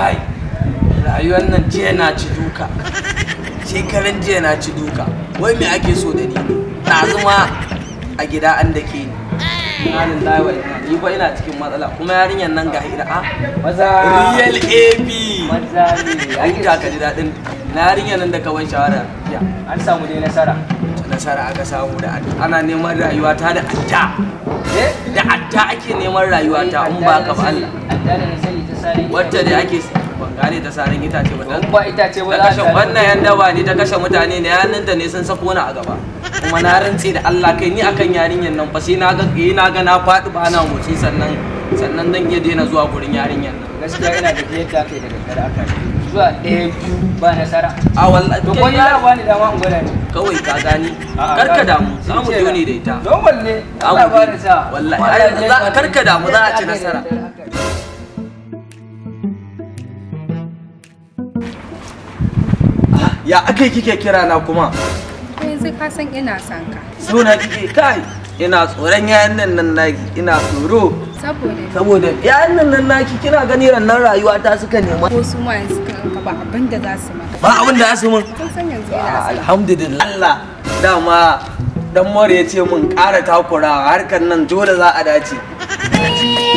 kai rayuwar nan jiya na ci duka shekaran jiya na ci duka wai me ake so da ni na zuma a gida an da ke ni halin lawa ni ba ina cikin matsala kuma yarinyar nan ga hira a ah, maza real ab maza ne ai ka ji daɗin yarinyar nan da kawai shawara an samu dai nasara nasara aka samu da ana neman rayuwa ta da adda eh, da adda ake neman rayuwa ta in ba ka ba Allah wacce da ake ban gane ta sarin itace ba dan ba itace ba kashe wannan yan daba ne ta kashe mutane ne ta ne sun sako ni a gaba kuma na rantsi da Allah kai ni akan yarinyan nan fa sai na ga eh, na ga na faɗi ba na motsi sannan sannan dan iya daina zuwa gurin yarinyan nan gaskiya ina da yadda kai daga kare aka zuwa ɗaya biyu ba nasara a wallahi to kun yara ba ni dama in gwada ne kawai ka gani karka damu za mu yi ne da ita don walle Allah ba ni sa wallahi karka damu za a ci nasara ya aka kike kira na kuma yanzu ka san ina san ka suna kike kai ina tsoron yayan nan nan naki ina tsoro saboda saboda yayan nan nan naki kina gani rannan rayuwa ta suka nema ko su ma yanzu ka ba abin da za su maka ba abin da za su mun kun san yanzu ina ah, alhamdulillah dama dan more ya ce mun ƙara takura harkar nan dole za a dace eh.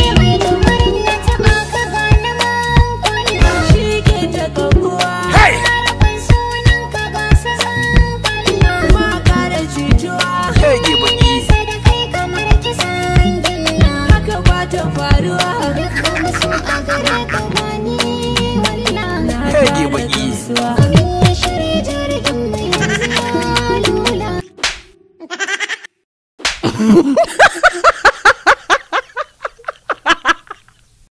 faruwa dukkan su a gare ka bani wallah na rage baki Ha ha ha!